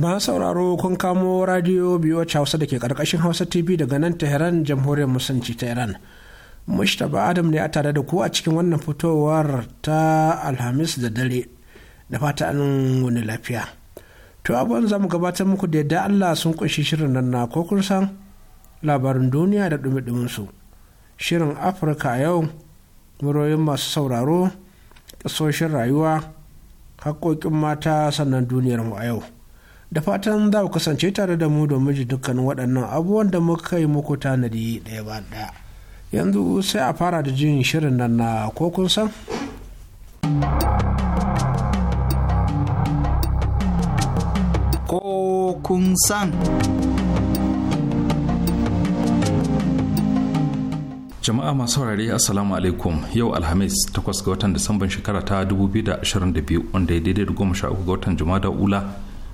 ba sauraro kun kamo radio biyu hausa da ke karkashin hausa tv daga nan tehran jamhuriyar musulunci ta iran mushtaba adam ne a tare da ku a cikin wannan fitowar ta alhamis da dare da fata an wani lafiya to abuwan za mu gabatar muku da yadda allah sun kunshi shirin nan na ko labarin duniya da dumi su shirin afirka a yau muroyin masu sauraro kasoshin rayuwa haƙoƙin mata sannan duniyar mu a yau da fatan za ku kasance tare da mu domin ji dukkanin waɗannan abubuwan da muka yi muku tanadi ɗaya ba ɗaya yanzu sai a fara da jin shirin nan na ko kun san ko kun san jama'a masu saurare assalamu alaikum yau alhamis 8 ga watan disamban shekara ta 2022 wanda ya daidai da 13 ga watan da ula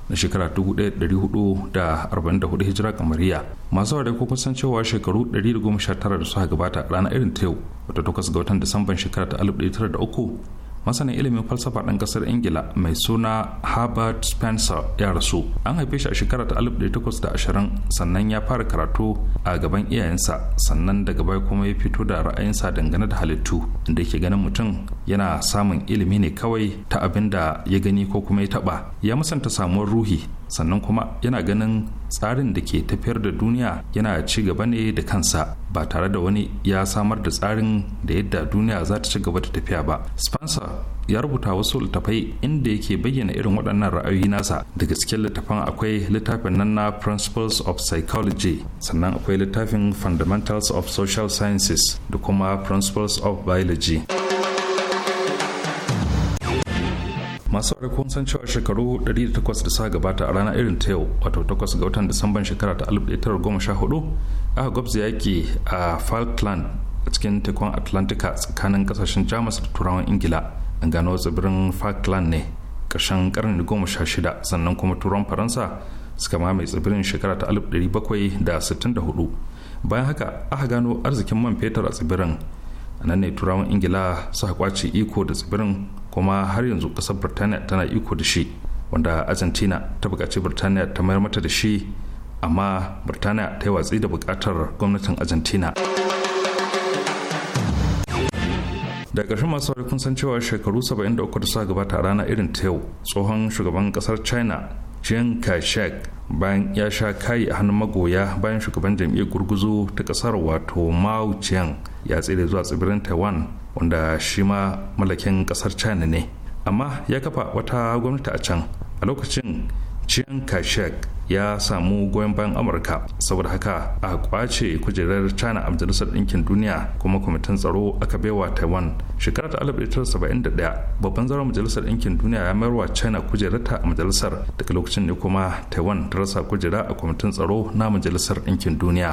na shekara 1444 hijira kamariya masu ware ko kusan cewa shekaru 119 da suka gabata a ranar irin ta yau wata 8 ga watan disamban shekara ta 1903 masanin ilimin falsafa ɗan ƙasar ingila mai suna herbert spencer ya rasu an haife shi a shekara ta 1820 sannan ya fara karatu a gaban iyayensa sannan daga baya kuma ya fito da ra'ayinsa dangane da halittu da ke ganin mutum yana samun ilimi ne kawai ta abin da ya gani ko kuma ya taɓa ya musanta samuwar ruhi sannan kuma yana ganin tsarin da ke tafiyar da duniya yana ci gaba ne da kansa ba tare da wani ya samar da tsarin da yadda duniya za ta ci gaba da tafiya ba spencer ya rubuta wasu littafai inda yake bayyana irin waɗannan ra'ayoyi nasa daga cikin littafan akwai littafin nan na principles of psychology sannan akwai littafin fundamentals of social sciences da kuma principles of biology masu saurari san cewa shekaru 108 da suka gabata a ranar irin ta yau wato 8 ga watan disamban shekara ta 1914 aka gwabza yaki a falkland a cikin tekun atlantika tsakanin kasashen jamus da turawan ingila an gano tsibirin falkland ne ƙarshen karni goma sha shida sannan kuma turan faransa suka mamaye tsibirin shekara ta 1764 bayan haka aka gano arzikin man fetur a tsibirin a nan ne turawan ingila suka kwace iko da tsibirin kuma har yanzu kasar birtaniya tana iko da shi wanda argentina ta bukaci birtaniya ta mayar mata da shi amma birtaniya ta yi watsi da bukatar gwamnatin argentina da ƙarshen masu sauri kun san cewa shekaru 73 da suka gabata a rana irin ta yau tsohon shugaban kasar china chiang kai bayan ya sha kayi a hannun magoya bayan shugaban jam'iyyar gurguzu ta kasar wato mao chiang ya tsere zuwa tsibirin taiwan wanda shi ma mallakin kasar china ne amma ya kafa wata gwamnati a can a lokacin chiang kai ya samu goyon bayan amurka saboda haka a kwace kujerar china a majalisar ɗinkin duniya kuma kwamitin tsaro aka baiwa taiwan shekarar ta 1971 babban zaren majalisar ɗinkin duniya ya mayarwa china kujerarta a majalisar daga lokacin ne kuma taiwan ta rasa kujera a kwamitin tsaro na majalisar ɗinkin duniya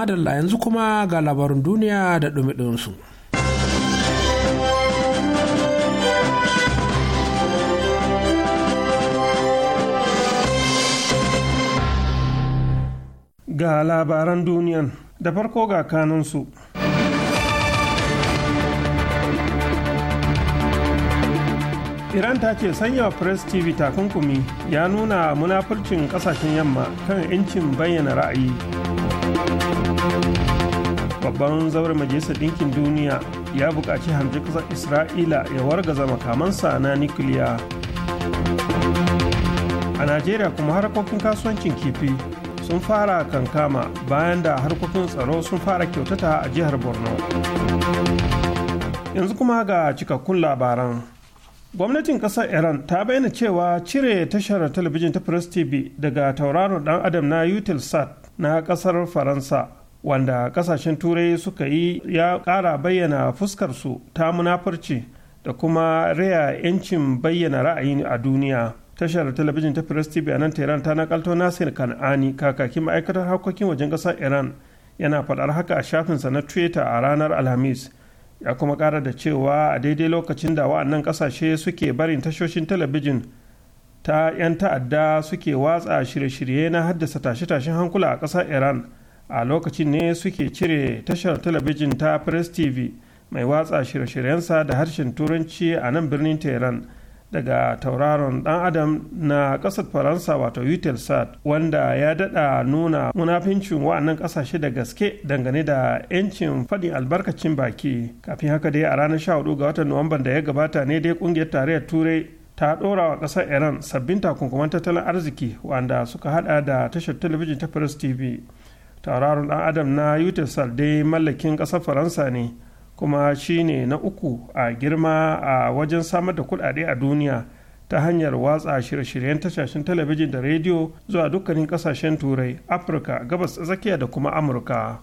madalla yanzu kuma ga labarin duniya da ɗumi su. ga labaran duniyan da farko ga kanunsu. iran ta ce sanya press tv takunkumi ya nuna munafurcin kasashen yamma kan 'yancin bayyana ra'ayi babban zauren majalisar ɗinkin duniya ya buƙaci hamji ƙasar isra'ila ya wargaza makamansa na nukiliya a najeriya kuma harkokin kasuwancin kifi sun fara kankama bayan da harkokin tsaro sun fara kyautata a jihar borno yanzu kuma ga cikakkun labaran gwamnatin ƙasar iran ta bayyana cewa cire tashar talabijin ta press tv daga tauraron dan adam na Utilsat na kasar faransa wanda kasashen turai suka yi ya ƙara bayyana fuskar su ta munafurci da kuma raya 'yancin bayyana ra'ayi a duniya tashar talabijin ta press tv a nan tehran ta nakalto nasir kan'ani kakakin ma'aikatar harkokin wajen ƙasar iran yana faɗar haka a shafinsa na twitter a ranar alhamis ya kuma ƙara da cewa a daidai lokacin da wa'annan ƙasashe suke barin tashoshin talabijin ta 'yan ta'adda suke watsa shirye-shirye na haddasa tashe-tashen hankula a ƙasar iran a lokacin ne suke cire tashar talabijin ta press tv mai watsa shirye-shiryensa da harshen turanci a nan birnin tehran daga tauraron dan adam na ƙasar faransa wato Sat wanda ya daɗa nuna munafincin wa'annan ƙasashe da gaske dangane da 'yancin faɗin albarkacin baki kafin haka dai a ranar 14 ga watan nuwamban da ya gabata ne dai ƙungiyar tarayyar turai ta ɗora wa ƙasar iran sabbin takunkuman tattalin arziki wanda suka hada da tashar talabijin ta paris tv tauraron ɗan adam na utesal dai mallakin ƙasar faransa ne kuma shi ne na uku a girma a wajen samar da kuɗaɗe a duniya ta hanyar watsa shirye-shiryen tashashen talabijin da rediyo zuwa dukkanin ƙasashen turai afirka gabas tsakiya da kuma amurka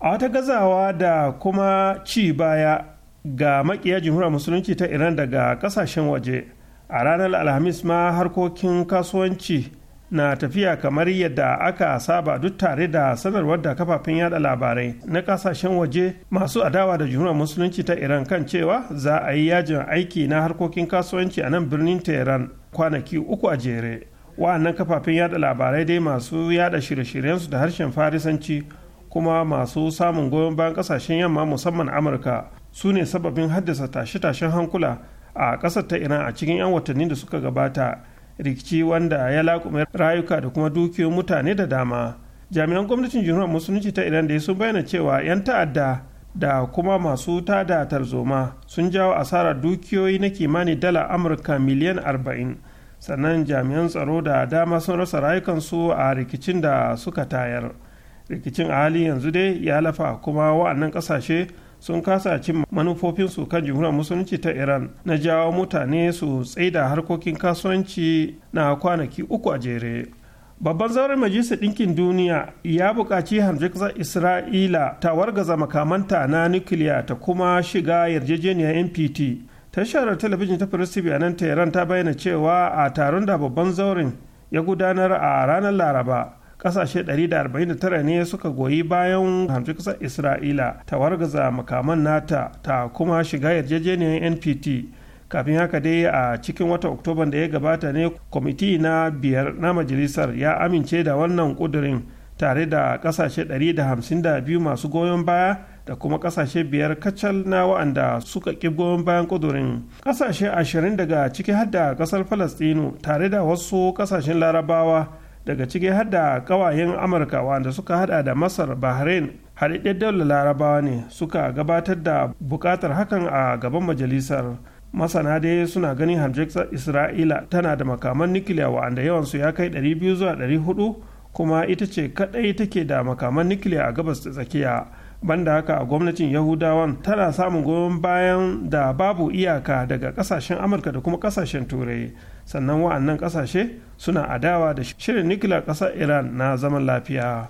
a wata gazawa da kuma ci baya ga makiya jamhuriyar musulunci ta iran daga ƙasashen waje a ranar alhamis ma harkokin kasuwanci na tafiya kamar yadda aka saba duk tare da sanarwar da kafafen yada labarai na kasashen waje masu adawa da jumhuriyar musulunci ta iran kan cewa za a yi yajin aiki na harkokin kasuwanci a nan birnin tehran kwanaki uku a jere wa'annan kafafen yada labarai dai masu yada shirye shiryen su da harshen farisanci kuma masu samun goyon bayan kasashen yamma musamman amurka su ne sababin haddasa tashe-tashen hankula a ƙasar ta iran a cikin 'yan watanni da suka gabata rikici wanda ya laƙume rayuka da kuma dukiyoyin mutane da dama jami'an gwamnatin jihar musulunci ta iran da sun bayyana cewa 'yan ta'adda da kuma masu tada tarzoma sun jawo asarar dukiyoyi na kimanin dala amurka miliyan 40 sannan jami'an tsaro da dama sun rasa rayukansu a rikicin da suka tayar rikicin a halin yanzu dai ya lafa kuma wa'annan kasashe sun kasa cin manufofinsu kan jihunan musulunci ta iran na jawo mutane su tsaida harkokin kasuwanci na kwanaki uku a jere babban zauren majalisar ɗinkin duniya ya buƙaci hamzikza isra'ila ta wargaza makamanta na nukiliya ta kuma shiga yarjejeniyar npt tashar talabijin ta firistibi a nan ta bayyana cewa a taron da babban zauren ya gudanar a ranar laraba kasashe 149 ne suka goyi bayan hamsin kasar isra'ila ta wargaza makaman nata ta kuma shiga yarjejeniyar npt kafin haka dai a cikin wata Oktoba da ya gabata ne kwamiti na biyar na majalisar ya amince da wannan kudurin tare da kasashe 152 masu goyon baya da kuma kasashe biyar kacal na wa'anda suka ƙi goyon bayan kudurin kasashe 20 daga ciki hadda kasar falastinu tare da wasu kasashen larabawa daga ciki har da kawayen amurka wanda suka hada da masar bahrain haɗaɗɗen daular larabawa ne suka gabatar da buƙatar hakan a gaban majalisar masana dai suna ganin hamjiksa isra'ila tana da makaman nikiliya wa'anda yawansu ya kai 200 zuwa 400 kuma ita ce kaɗai take da makaman nukiliya a gabas ta tsakiya banda haka a gwamnatin yahudawan tana samun goyon bayan da babu iyaka daga ƙasashen amurka da kuma ƙasashen turai sannan wa'annan ƙasashe suna adawa da shirin nukiliyar ƙasar iran na zaman lafiya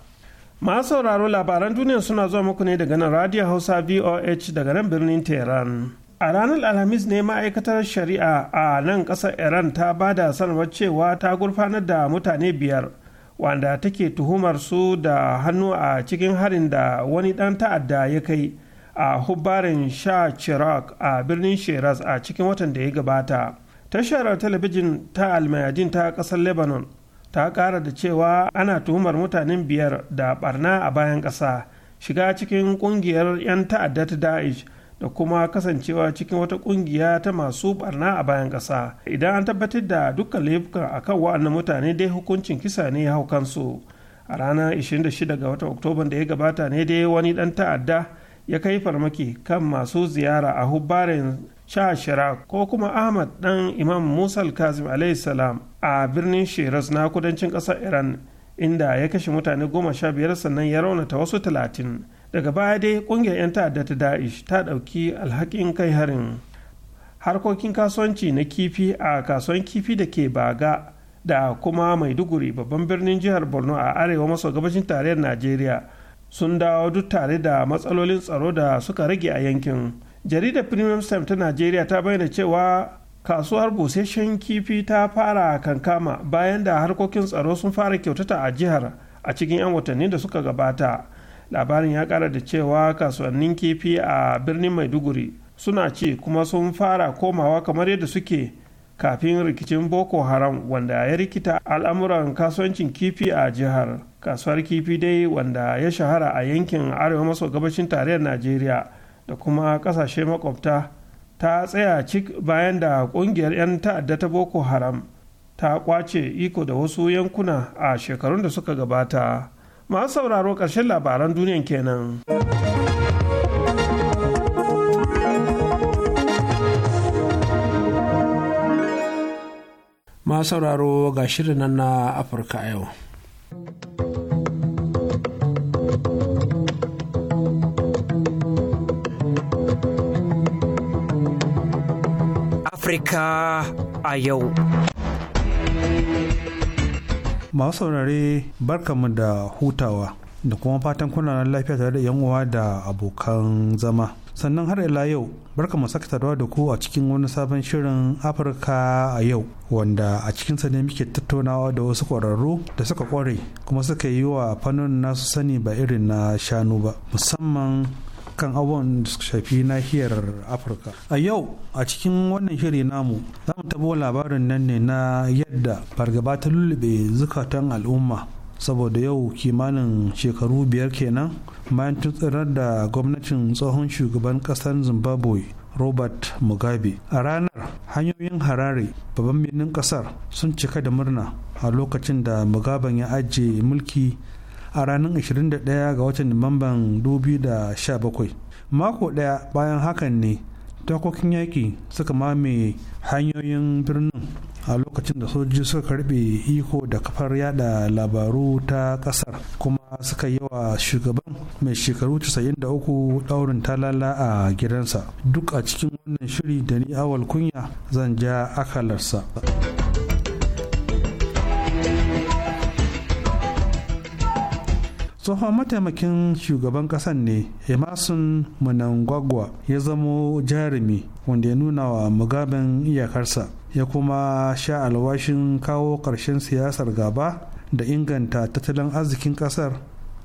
masu sauraro labaran duniya suna zuwa muku ne daga nan radio hausa voh daga nan birnin tehran a ranar alhamis ne ma'aikatar shari'a a nan ƙasar iran ta ba da sanarwar cewa ta gurfanar da mutane biyar wanda take tuhumar su da hannu a cikin harin da wani ɗan ta'adda ya kai a hubbarin sha chirac a birnin shiraz a cikin watan da ya gabata tashar talabijin ta almayadin ta kasar lebanon ta kara da cewa ana tuhumar mutanen biyar da barna a bayan ƙasa shiga cikin kungiyar 'yan ta'adda ta da'ish da kuma kasancewa cikin wata kungiya ta masu barna a bayan ƙasa idan an tabbatar da dukkan laifukan kan wa'annan mutane dai hukuncin kisa ne ya hau kansu a ranar 26 ga watan oktoba da ya gabata ne dai wani dan ta'adda ya kai farmaki kan masu ziyara a hubbarin sha shira ko kuma ahmad dan imam musa kazim salam a birnin shiraz na kudancin kasar iran inda ya kashe mutane goma sha biyar sannan ya raunata wasu talatin daga baya dai kungiyar 'yan ta'adda ta da'ish ta ɗauki alhakin kai harin harkokin kasuwanci na kifi a kasuwan kifi da ke baga da kuma maiduguri babban birnin jihar borno a arewa maso gabashin tarayyar najeriya sun dawo duk tare da matsalolin tsaro da suka rage a yankin jaridar premium time ta najeriya ta bayyana cewa kasuwar busasshen kifi ta fara kankama bayan da harkokin tsaro sun fara kyautata a jihar a cikin 'yan watanni da suka gabata labarin ya kara da cewa kasuwannin kifi a birnin maiduguri suna ce kuma sun fara komawa kamar yadda suke kafin rikicin boko haram wanda ya rikita al'amuran kasuwancin kifi a jihar kasuwar kifi dai wanda ya shahara a yankin arewa maso gabashin tarayyar najeriya da kuma kasashe makwabta ta tsaya cik bayan da kungiyar 'yan ta'adda ta boko haram ta kwace iko da wasu yankuna a shekarun da suka gabata masu sauraro ƙarshen labaran duniyan kenan. ma sauraro ga shirin nan na afirka yau afirka a yau masu saurare barkamu da hutawa da kuma fatan kuna lafiya tare da yan uwa da abokan zama sannan har ila yau barka mu sakatarwa da ku a cikin wani sabon shirin afirka a yau wanda a cikinsa ne muke tattaunawa da wasu ƙwararru da suka ƙware kuma suka yi wa fannin nasu sani ba irin na shanu ba musamman kan abubuwan da suka shafi nahiyar afirka a yau a cikin wannan shiri namu za mu tabo labarin nan ne na yadda fargaba ta lullube zukatan al'umma saboda yau kimanin shekaru biyar kenan bayan tuntsirar da gwamnatin tsohon shugaban kasar zimbabwe robert mugabe a ranar hanyoyin harare babban birnin kasar sun cika da murna a lokacin da Mugabe ya ajiye mulki a ranar 21 ga watan nuwamban 2017 mako daya bayan hakan ne takokin yaƙi suka mame hanyoyin birnin a lokacin da sojoji suka karbe iko da kafar yada labaru ta kasar kuma suka yi wa shugaban mai shekaru 93 daurin talala a gidansa duk a cikin wannan shiri da ni awal kunya zan ja akalarsa. tsohon mataimakin shugaban kasan ne emerson mnangagwa ya zamo jarumi wanda ya nuna wa mugaben iyakarsa ya kuma sha alwashin kawo ƙarshen siyasar gaba da inganta tattalin arzikin ƙasar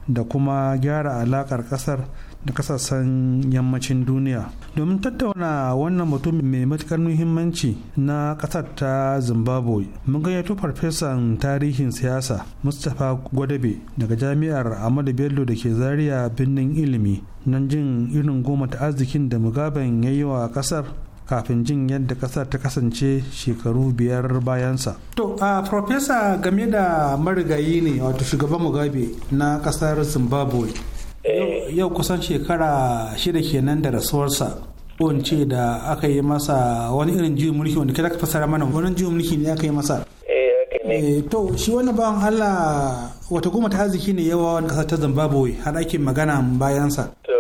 da kuma gyara alaƙar ƙasar da kasashen yammacin duniya domin tattauna wannan mutum mai matukar muhimmanci na kasar ta zimbabwe mun gayyato farfesan tarihin siyasa mustapha gwadabe daga jami'ar ahmadu bello da ke zaria birnin ilimi nan jin irin goma ta arzikin da mugaben ya yi wa kasar kafin jin yadda kasar ta kasance shekaru biyar bayansa. To, a Profesa game da marigayi ne wato shugaban Mugabe na kasar Zimbabwe. Eh. yau kusan shekara shida kenan da rasuwarsa ce da aka yi masa wani irin juyin mulki wanda kada ka fasara mana wani juyin mulki ne aka yi masa eh, eh, to shi wani bawan Allah wata goma ta arziki ne yawa wani kasar ta Zimbabwe har ake magana bayansa to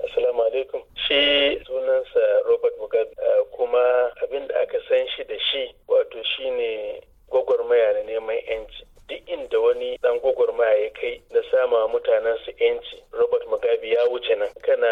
assalamu alaikum shi sunansa Robert Mugabe kuma abin da aka san shi da shi wato shine gwagwarmaya na neman yanci tarihin da wani dan gwagwarmaya ya kai na sama mutanen su yanci robert mugabe ya wuce nan kana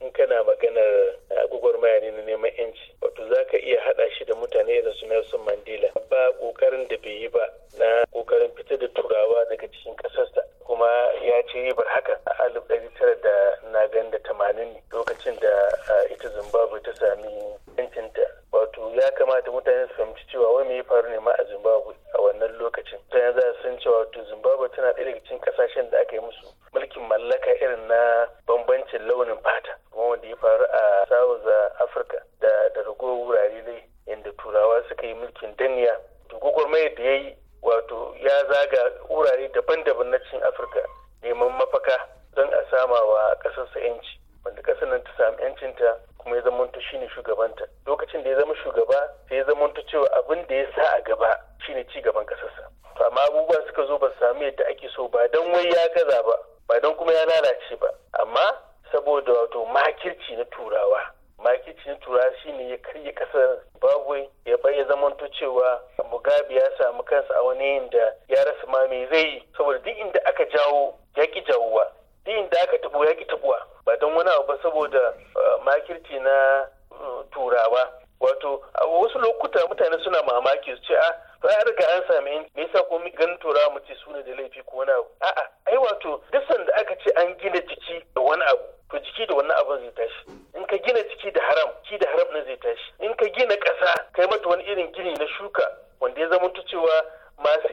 in kana maganar Eh, gwagwarmaya ne na neman yanci wato za ka iya haɗa shi da mutane irin su Nelson Mandela ba kokarin da bai yi ba na kokarin fitar da turawa daga cikin kasarsa kuma ya ce ribar haka a alif ɗari tara da na da tamanin lokacin da eh, ita Zimbabwe ta sami yancinta wato ya kamata mutane su fahimci cewa wai me ya faru ne ma a Zimbabwe a wannan lokacin mutane za su san cewa wato Zimbabwe tana ɗaya daga cikin kasashen da aka yi musu mulkin mallaka irin na bambancin launin fata kuma wanda ya faru a gallaza afirka da da ragowar wurare ne inda turawa suka yi mulkin danniya da mai da ya yi wato ya zaga wurare daban-daban na cikin afirka neman mafaka don a sama wa ƙasarsa 'yanci wanda ƙasar nan ta samu 'yancinta kuma ya zamanto shine shugabanta lokacin da ya zama shugaba sai ya zamanto cewa abin da ya sa a gaba shine ci gaban ƙasarsa to amma abubuwa suka zo ba su samu yadda ake so ba don wai ya gaza ba ba don kuma ya lalace ba amma saboda wato makirci na turawa makirci na turawa shine ya karya kasar babu ya bai zamanto cewa mugabe ya samu kansa a wani yin da ya rasa ma me zai yi saboda duk inda aka jawo ya ki jawowa duk inda aka tabo ya ki tabuwa ba don wani abu ba saboda uh, makirci na uh, turawa wato a wasu lokuta mutane suna mamaki su ce a ah, ba riga an sami yanci me yasa ko ganin tura mu ce suna da laifi ko wani abu a'a ai wato duk sanda aka ce an gina jiki da wani abu to jiki da wannan abun zai tashi in ka gina jiki da haram ki da haram na zai tashi in ka gina ƙasa kai mata wani irin gini na shuka wanda ya zama cewa masu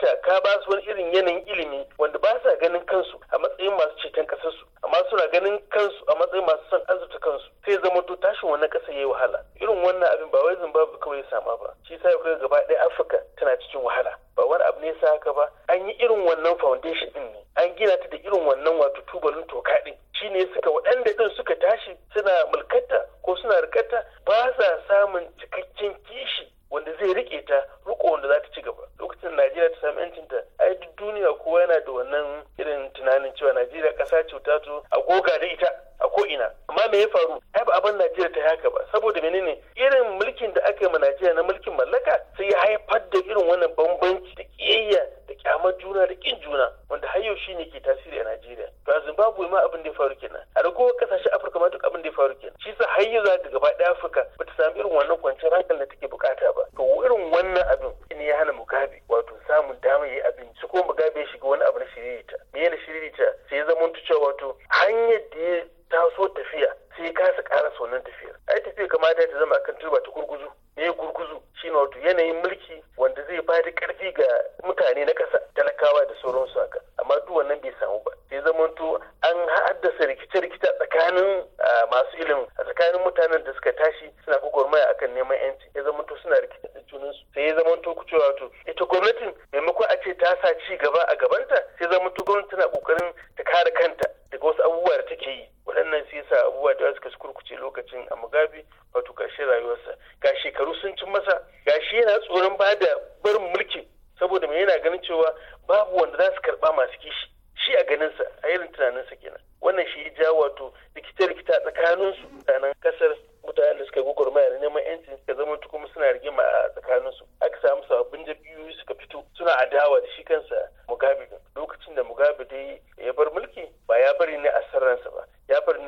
ta ka ba su wani irin yanayin ilimi wanda ba sa ganin kansu a matsayin masu ceton kasarsu amma suna ganin kansu a matsayin masu son arzuta kansu sai zama to tashin wannan kasa yayi wahala irin wannan abin ba wai zimbabwe kawai ya sama ba shi sa kuka gaba ɗaya afirka tana cikin wahala ba wani abu ne ya haka ba an yi irin wannan foundation din ne an gina ta da irin wannan wato tubalin toka din shi ne suka waɗanda din suka tashi suna mulkata ko suna rikata ba sa samun cikakken kishi wanda zai rike ta riko wanda za ta ci gaba lokacin najeriya ta sami yancin ta ai duk duniya kowa yana da wannan irin tunanin cewa najeriya kasa cuta ta a goga da ita a ko ina amma me ya faru ai ba abin najeriya ta haka ba saboda menene irin mulkin da aka yi ma najeriya na mulkin mallaka sai ya haifar da irin wannan bambanci da kiyayya da kyamar juna da kin juna wanda har yau shine ke tasiri a najeriya to a zimbabwe ma abin da ya faru kenan a ragowar kasashen afirka ma duk abin da ya faru kenan shi sa har yau za gaba ɗaya afirka ba ta sami irin wannan kwanciyar hankali da take bukata ba to irin wannan abin ne ya hana mugabe wato samun damar yi abin su kuma mugabe ya shiga wani abu na shiririta me na shiririta sai ya zama cewa wato hanyar da ya ta so tafiya sai ka su ƙara sonan tafiyar ai tafiya kamata ta zama akan turba ta gurguzu me gurguzu shine wato yanayin mulki wanda zai ba da ƙarfi ga mutane na ƙasa talakawa da sauransu haka amma duk wannan bai samu ba sai to an haddasa rikice-rikice tsakanin masu ilimin a tsakanin mutanen da suka tashi suna gwagwarmaya akan neman yanci ya to suna rikice da junansu sai ya ku cewa to ita gwamnatin maimakon a ce ta sa ci gaba a gabanta sai zamanto gwamnati tana ƙoƙarin ta kare kanta daga wasu abubuwa da take yi waɗannan sai sa abubuwa da suka kurkuce lokacin a mugabe wato ƙarshen rayuwarsa ga shekaru sun cin masa ga shi yana tsoron ba da barin mulki saboda mai yana ganin cewa babu wanda za su karɓa masu kishi shi a ganinsa a irin tunaninsa kenan wannan shi ya ja wato rikice tsakanin tsakaninsu tsakanin kasar mutanen da suka yi gwagwarmaya da neman yanci suka zama kuma suna rigima a tsakanin su. aka samu sababbin jabiyu suka fito suna adawa da shi kansa mugabe lokacin da mugabe dai ya bar mulki ba ya bari ne a sarransa ba pero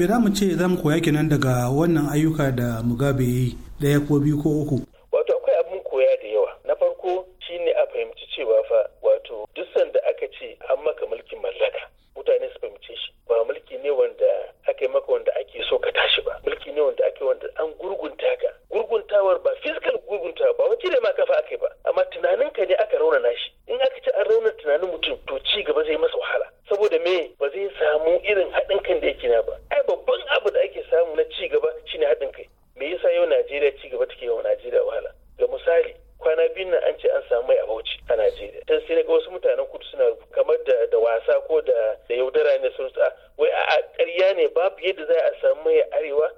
me za mu ce za mu koya kenan daga wannan ayyuka da mugabe ya yi ɗaya ko biyu ko uku ne babu yadda za a samu mai arewa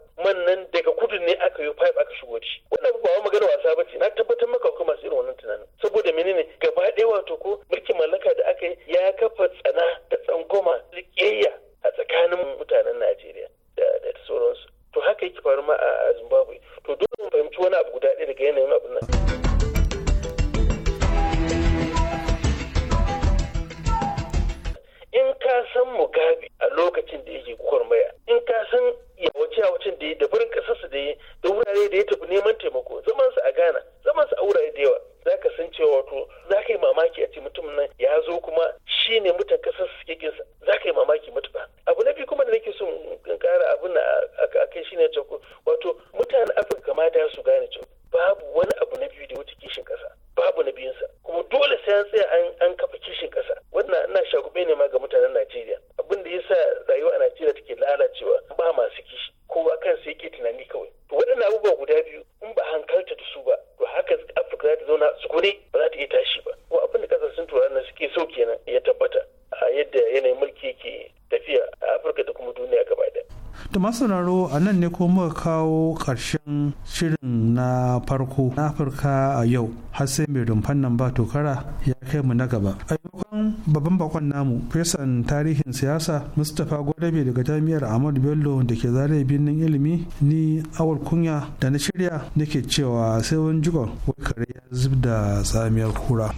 masararo a nan ne ko muka kawo ƙarshen shirin na farko na afirka a yau har sai mai rumfan nan ba tokara ya kai mu na gaba ayyukan babban bakon namu fesan tarihin siyasa mustapha gwadabe daga jami'ar ahmadu bello da ke zare birnin ilimi ni awal kunya da na shirya nake cewa sai wani jikon wai kare ya zub da tsamiyar kura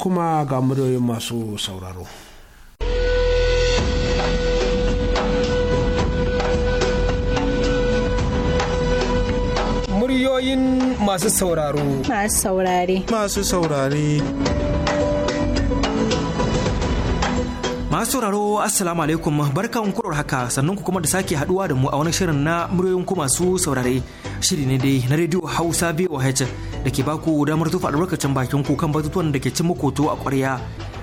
kuma ga muryoyin masu sauraro. Muryoyin masu sauraro. Masu saurare. Masu saurare. masu sauraro assalamu alaikum barkan kurar haka sannan ku kuma da sake haduwa da mu a wani shirin na muryoyin ku masu saurare shiri ne dai na rediyo hausa biyu voh da ke baku damar tufa albarkacin bakin ku kan batutuwan da ke cin makoto a ƙwarya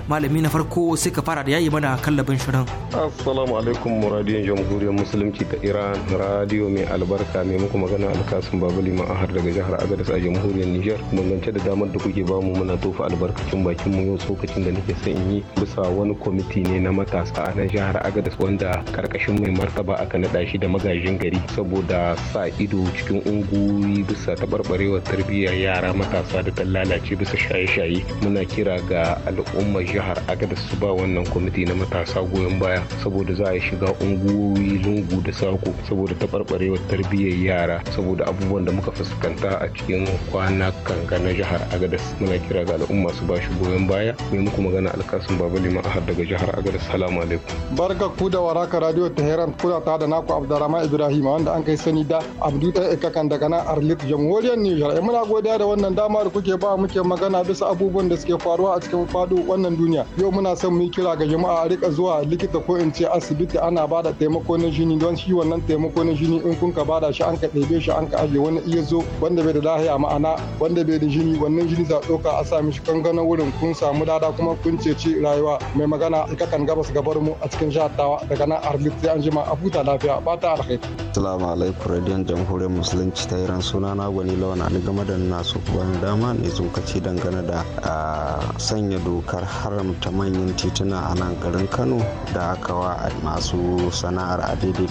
malami na farko sai ka fara da yayi mana kallabin shirin assalamu alaikum radiyon jamhuriyar musulunci ta iran radiyo mai albarka mai muku magana alkasun babali ma'ahar daga jihar agadas a jamhuriyar niger dangance da damar da kuke bamu muna tofa albarkacin bakin mu yau tsokacin da nake son yi bisa wani kwamiti ne na matasa a nan jihar agadas wanda karkashin mai martaba aka naɗa shi da magajin gari saboda sa ido cikin unguwoyi bisa tabarbarewar tarbiyyar yara matasa da ta lalace bisa shaye-shaye muna kira ga al'ummar jihar agada su ba wannan kwamiti na matasa goyon baya saboda za a shiga unguwoyi lungu da sako saboda taɓarɓarewar tarbiyyar yara saboda abubuwan da muka fuskanta a cikin kwana kanka na jihar agada muna kira ga al'umma su ba shi goyon baya mai muku magana alkasun baba liman ahad daga jihar agada salamu alaikum barka ku da waraka radio tehran kuna ta da naku abdurrahman ibrahim wanda an kai sani da abdu da ikakan daga nan arlit jamhuriyar niger eh, muna godiya da wannan dama da kuke ba muke magana bisa abubuwan da suke faruwa a cikin fadu wannan duniya duniya yau muna son mu kira ga jama'a a rika zuwa likita ko in ce asibiti ana bada taimako na jini don shi wannan taimako na jini in kun ka bada shi an ka ɗebe shi an ka aje wani iya zo wanda bai da lahiya ma'ana wanda bai da jini wannan jini za ɗauka a sa mishi kanganan wurin kun samu dada kuma kun ceci rayuwa mai magana kakan gabas gabar mu a cikin jihar tawa daga nan a sai an jima a huta lafiya ba ta alkhairi. Assalamu alaikum radiyon jamhuriyar musulunci ta iran suna na gwani lawan ali game da nasu ban dama ne tsokaci dangane da ah, sanya dokar har haramta manyan tituna a nan garin kano da aka wa masu sana'ar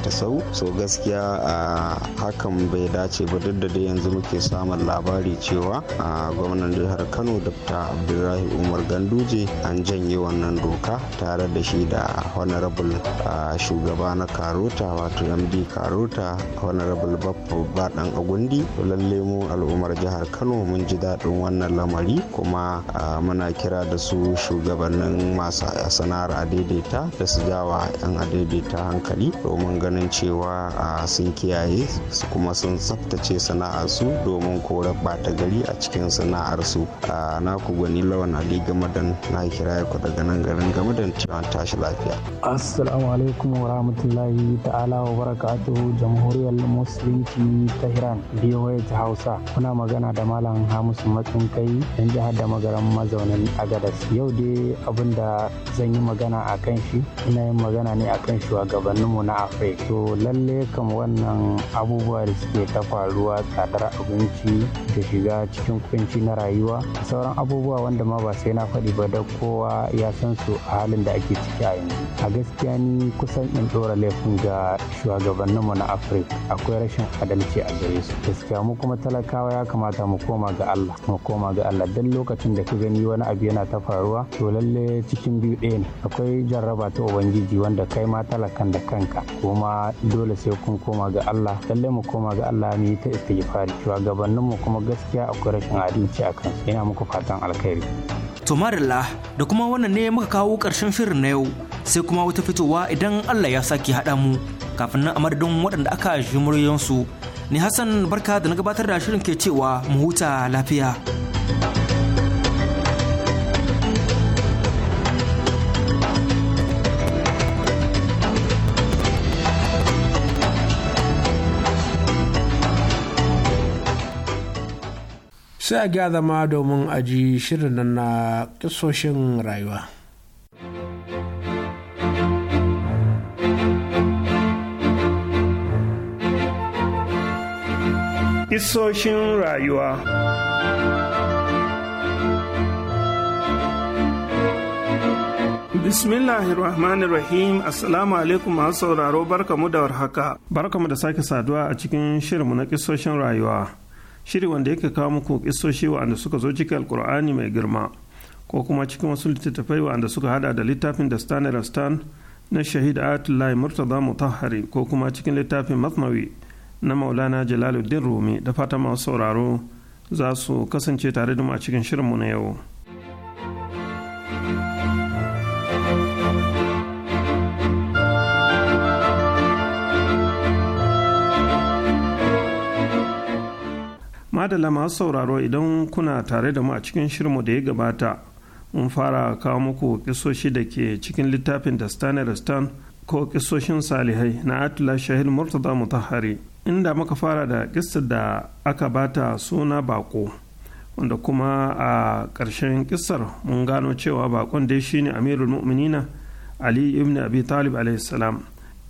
ta sau so gaskiya a hakan bai dace ba duk da yanzu muke samun labari cewa a gwamnan jihar kano dr abdullahi umar ganduje an janye wannan doka tare da shi da honorable shugaba na karota wato md karota honorable babu baɗan agundi lalle mu al'ummar jihar kano mun ji daɗin wannan lamari kuma muna kira da su shugaba shugabannin masu sana'ar daidaita da su jawa 'yan adaidaita hankali domin ganin cewa sun kiyaye kuma sun tsaftace sana'arsu domin kore bata gari a cikin sana'arsu na ku gwani lawan ali gamadan na kira ku daga nan garin gamadan cewa tashi lafiya assalamu alaikum wa rahmatullahi ta'ala wa barakatuhu jamhuriyar musulunci ta iran biyoyi hausa kuna magana da malam hamisu matsin kai yan jihar da magaran mazaunin agadas yau dai abin da zan yi magana a kan shi ina yin magana ne a kan shugabanninmu na afirka to lalle kan wannan abubuwa da suke ta faruwa tsadar abinci da shiga cikin kunci na rayuwa sauran abubuwa wanda ma ba sai na faɗi ba da kowa ya san su a halin da ake ciki a yanzu a gaskiya ni kusan in ɗora laifin ga shugabanninmu na afirka akwai rashin adalci a gare su gaskiya mu kuma talakawa ya kamata mu koma ga allah mu koma ga allah don lokacin da ka gani wani abu yana ta faruwa to lalle cikin biyu ɗaya ne akwai jarraba ta ubangiji wanda kai ma talakan da kanka kuma dole sai kun koma ga Allah lalle mu koma ga Allah ta ta istighfari shugabannin mu kuma gaskiya akwai rashin adalci a kan ina muku fatan alkhairi to marilla da kuma wannan ne muka kawo ƙarshen shirin na yau sai kuma wata fitowa idan Allah ya sake haɗa mu kafin nan a madadin waɗanda aka ji muryoyinsu ni Hassan barka da na gabatar da shirin ke cewa mu huta lafiya. sai a gya zama domin ji shirin na kisoshin rayuwa. Kisoshin rayuwa Bismillahirrahmanirrahim Assalamu alaikum masu sauraro barkamu da warhaka barkamu da sake saduwa a cikin shirinmu na kisoshin rayuwa. shiri wanda yake kawo muku kisoshi wa'anda suka zo cikin alkur'ani mai girma ko kuma cikin wasu littattafai wa'anda suka hada da littafin da stan stan na shahid ayatullahi murtaza mutahari ko kuma cikin littafin masnawi na maulana jalaluddin rumi da fata masu sauraro za su kasance tare da mu a cikin shirinmu na yau. madala masu sauraro idan kuna tare da mu a cikin shirmu da ya gabata mun fara kawo muku kisoshi da ke cikin littafin da stanley stan ko kisoshin salihai na atula shahil murtaza mutahari inda muka fara da kissa da aka bata suna bako wanda kuma a ƙarshen kisar mun gano cewa bakon dai shine amirul mu'minina ali ibn abi talib salam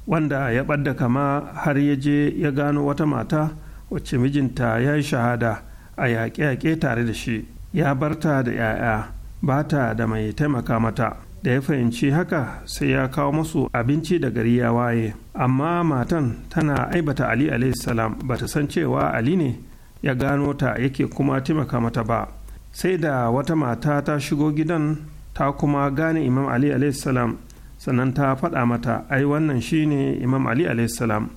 wanda ya ɓadda kama har ya je ya gano wata mata wacce mijinta ya yi shahada a yaƙe-yaƙe tare da shi ya barta da 'ya'ya ba ta da mai taimaka mata da ya fahimci haka sai ya kawo masu abinci da gari ya waye amma matan tana aibata ali salam ba ta san cewa ali ne ya gano ta yake kuma taimaka mata ba sai da wata mata ta shigo gidan ta kuma gane imam ali salam sannan ta faɗa mata ai wannan shine imam ali salam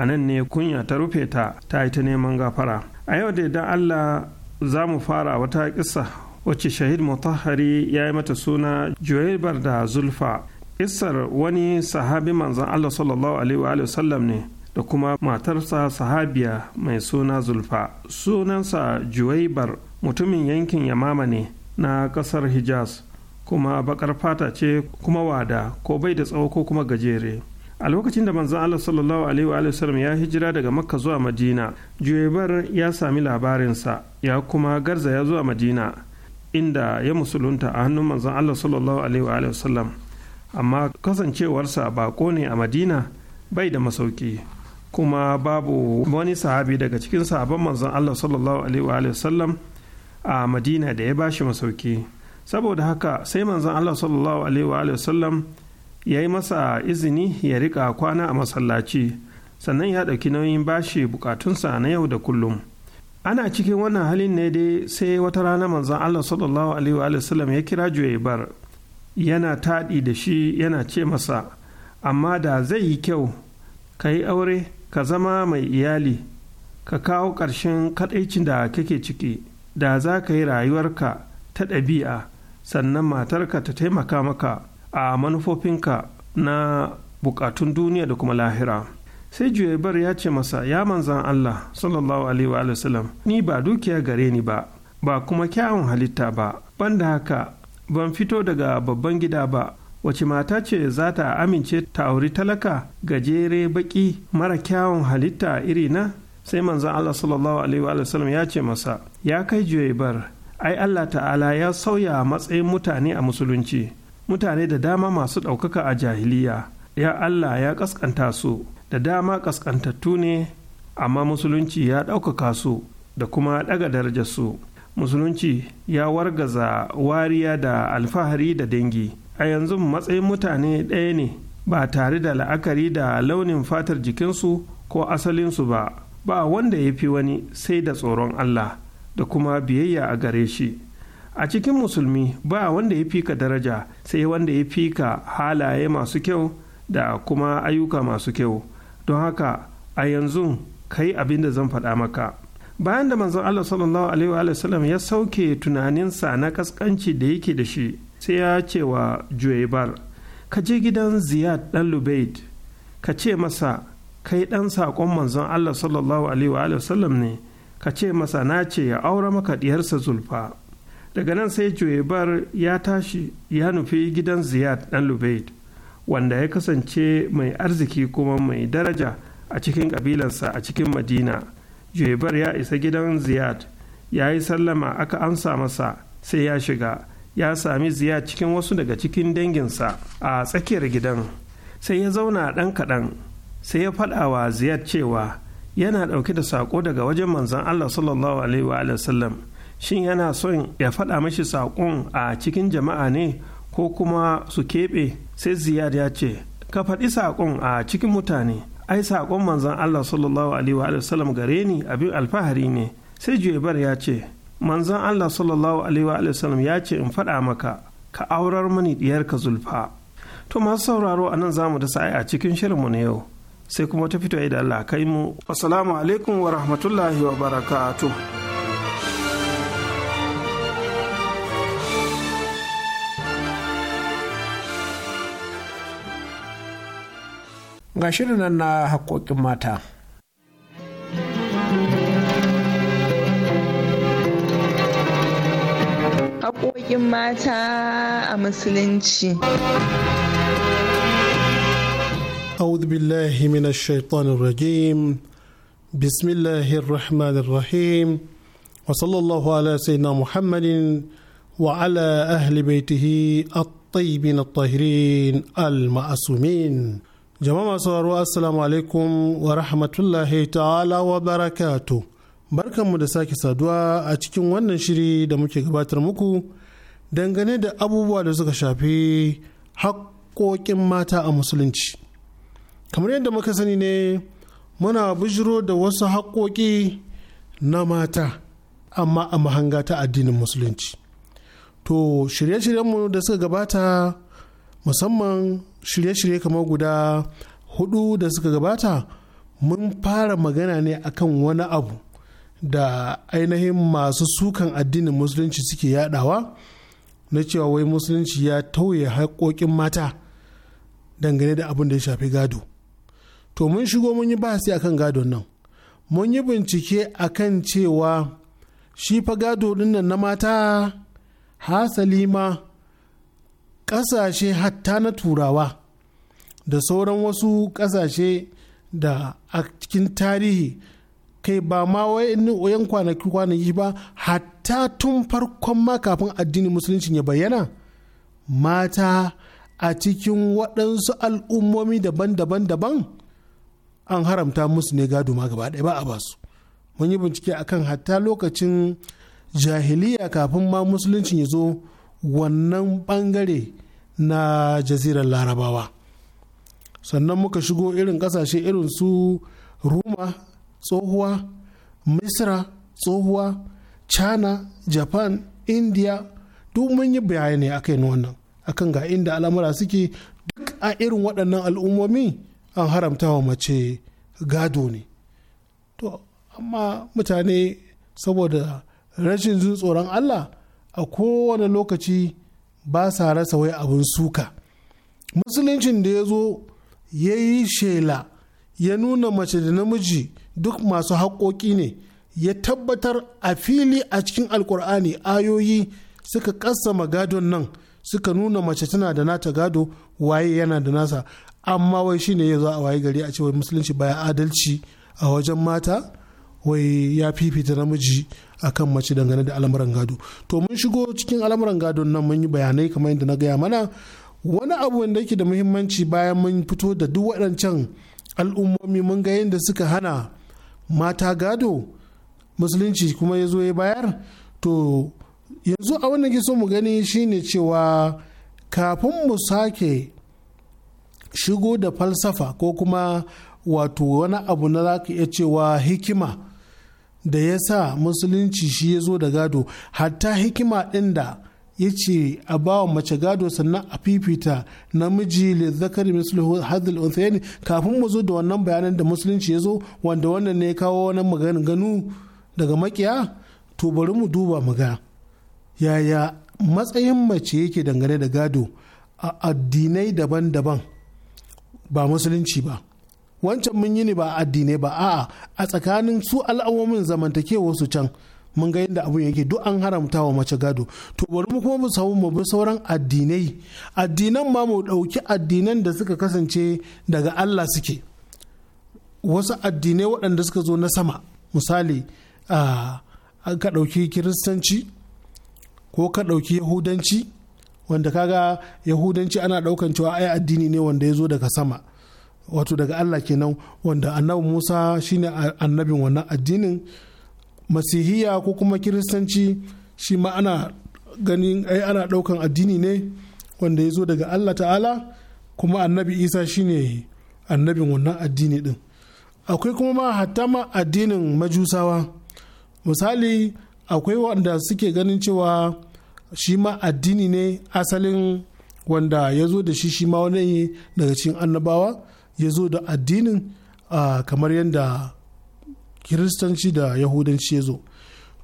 a nan ne kunya ta rufe ta ta yi ta neman gafara a yau da idan allah za mu fara wata kisa wacce shahid mutahari ya yi mata suna juwaibar da zulfa kissar wani sahabi manzan allah sallallahu alaihi wa ne da kuma matarsa sahabiya mai suna zulfa sunansa juwaibar mutumin yankin yamama ne na kasar hijaz kuma bakar fata ce kuma wada ko bai da tsawo ko kuma gajere a lokacin da manzon Allah sallallahu alaihi wa sallam ya hijira daga makka zuwa madina juwebar ya sami labarinsa ya kuma garza ya zuwa madina inda ya musulunta a hannun manzon Allah sallallahu alaihi wa sallam amma kasancewarsa bako ne a madina bai da masauki kuma babu wani sahabi daga cikin sahabban manzon Allah sallallahu alaihi wa sallam a madina da ya bashi masauki saboda haka sai manzon Allah sallallahu alaihi wa sallam ya yi masa izini ya rika kwana a masallaci sannan ya ɗauki nauyin bashi bukatunsa na yau da kullum ana cikin wannan halin ne dai sai wata rana manzan allah sallallahu alaihi wa sallam ya kira juwaibar yana taɗi da shi yana ce masa amma da zai yi kyau ka yi aure ka zama mai iyali ka kawo ƙarshen kaɗaicin da kake ciki da za ka yi rayuwarka ta ɗabi'a sannan matarka ta taimaka maka a manufofinka na bukatun duniya da kuma lahira sai juyabar ya ce masa ya manzan Allah sallallahu alaihi wa sallam ni ba dukiya gare ni ba ba kuma kyawun halitta ba banda haka ban fito daga babban gida ba wace mata ce za ta amince ta auri talaka gajere baki mara kyawun halitta iri na sai manzan Allah sallallahu alaihi wa sallam ya ce masa ya kai juyabar ai Allah ta'ala ya sauya matsayin mutane a musulunci mutane da dama masu ɗaukaka a jahiliya ya Allah ya ƙasƙanta su da dama ƙasƙantattu ne amma musulunci ya ɗaukaka su da kuma ɗaga darajar su musulunci ya wargaza wariya da alfahari da dangi a yanzu matsayin mutane ɗaya ne ba tare da la'akari da launin fatar jikinsu ko asalinsu ba ba wanda ya fi wani sai da tsoron Allah da kuma biyayya a gare shi a cikin musulmi ba wanda ya fi ka daraja sai wanda ya fi ka halaye masu kyau da kuma ayyuka masu kyau don haka a yanzu kai abin da zan faɗa maka bayan da manzon Allah sallallahu alaihi wa sallam ya sauke tunaninsa na kaskanci da yake da shi sai ya ce wa Juwaibar ka je gidan Ziyad dan Lubaid ka ce masa kai dan saƙon manzon Allah sallallahu alaihi wa sallam ne ka ce masa na ce ya aura maka diyarsa Zulfa daga nan sai juwebar ya tashi ya nufi gidan ziyad dan lubaid wanda ya kasance mai arziki kuma mai daraja a cikin kabilansa a cikin madina juwebar ya isa gidan ziyad ya yi sallama aka amsa masa sai ya shiga ya sami ziyad cikin wasu daga cikin danginsa a tsakiyar gidan sai ya zauna ɗan kaɗan sai ya faɗa wa ziyad cewa yana ɗauke da saƙo daga wajen manzon allah sallallahu alaihi wa sallam shin yana son ya faɗa mashi saƙon a cikin jama'a ne ko kuma su keɓe sai ziyad ya ce ka faɗi saƙon a cikin mutane ai saƙon manzon allah sallallahu alaihi wa sallam gare ni abin alfahari ne sai juyabar ya ce manzon allah sallallahu alaihi wa sallam ya ce in faɗa maka ka aurar mani ɗiyar ka zulfa to masu sauraro a nan zamu da sa'ai a cikin shirinmu na yau sai kuma ta fito da allah kai mu assalamu alaikum wa rahmatullahi wa barakatuh ga shirin nan na haƙoƙin mata haƙoƙin mata a musulunci أعوذ بالله من الشيطان الرجيم بسم الله الرحمن الرحيم وصلى الله على سيدنا محمد وعلى أهل بيته الطيبين الطاهرين المعصومين jama'a masu sauraro assalamu alaikum wa rahmatullahi ta'ala wa barakatu barkanmu da sake saduwa a cikin wannan shiri da muke gabatar muku dangane da abubuwa da suka shafi haƙoƙin mata a musulunci kamar yadda muka sani ne muna bijiro da wasu haƙoƙi na mata amma a mahanga ta addinin musulunci to shirye-shiryenmu da suka gabata musamman shirye-shirye kamar guda hudu da suka gabata mun fara magana ne akan wani abu da ainihin masu sukan addinin musulunci suke yadawa na cewa wai musulunci ya tauye haƙoƙin mata dangane da abin da ya shafi gado to mun shigo mun yi bahasi akan gado nan mun yi bincike akan cewa shi fa gado dinnan na mata hasali ma ƙasashe hatta na turawa da sauran wasu ƙasashe da a cikin tarihi kai ba ma wayan kwanaki kwanaki ba hatta tun farkon ma kafin addinin musulunci ya bayyana mata a cikin waɗansu al'ummomi daban-daban daban an haramta musu ne gado ma gaba ɗaya ba a basu mun yi bincike akan hatta lokacin jahiliya kafin ma musulunci ya zo wannan bangare na jazirar larabawa sannan muka shigo irin kasashe irin su roma tsohuwa misra tsohuwa china japan india duk mun yi bayani akan wannan akan ga inda al'amura suke duk a irin waɗannan al'ummomi an haramta wa mace gado ne to amma mutane saboda rashin jin tsoron allah a kowane lokaci ba sa rasa wai abin suka musuluncin da ya zo ya yi shela ya nuna mace da namiji duk masu haƙoƙi ne ya tabbatar a fili a cikin alkur'ani ayoyi suka ƙasa gadon nan suka nuna mace tana da nata gado waye yana da nasa amma wai shine ya zo a waye gari a cewa musulunci baya adalci a wajen mata wai ya fifita namiji akan mace dangane da al'amuran gado to mun shigo cikin al'amuran gado nan mun yi bayanai kamar yadda na gaya mana wani abu wanda yake da muhimmanci bayan mun fito da duk waɗancan al'ummomi mun ga yadda suka hana mata gado musulunci kuma ya zo ya bayar to yanzu a wannan so mu gani shine cewa kafin mu sake shigo da falsafa ko kuma wato wani abu na za ka iya cewa hikima da ya sa musulunci shi ya zo da gado hatta hikima ɗin da ya ce a bawa mace gado sannan a fifita namiji le zakari mislu hadil unthayni kafin mu zo da wannan bayanan da musulunci ya zo wanda wannan ne ya kawo wani maganin ganu daga makiya to bari mu duba mu yaya matsayin mace yake dangane da gado a addinai daban-daban ba musulunci ba wancan mun yi ne ba a addinai ba a'a a tsakanin su al'awomin zamantakewa su can mun ga yadda abun yake duk an haramta wa mace gado to bari mu kuma mu samu mu bi sauran addinai addinan ma mu dauki addinan da suka kasance daga Allah suke wasu addinai waɗanda suka zo na sama misali a ka dauki kiristanci ko ka dauki yahudanci wanda kaga yahudanci ana ɗaukan cewa ai addini ne wanda ya zo daga sama wato daga Allah kenan wanda annabi Musa shine annabin wannan addinin masihiya ko kuma kiristanci shi ma ana ganin ai ana daukan addini ne wanda ya zo daga Allah ta'ala kuma annabi Isa shine annabin wannan addini din akwai kuma ma hatta ma addinin majusawa misali akwai wanda suke ganin cewa shi ma addini ne asalin wanda ya zo da shi shi ma wani daga cikin annabawa ya zo da addinin kamar yadda kiristanci da yahudanci ya zo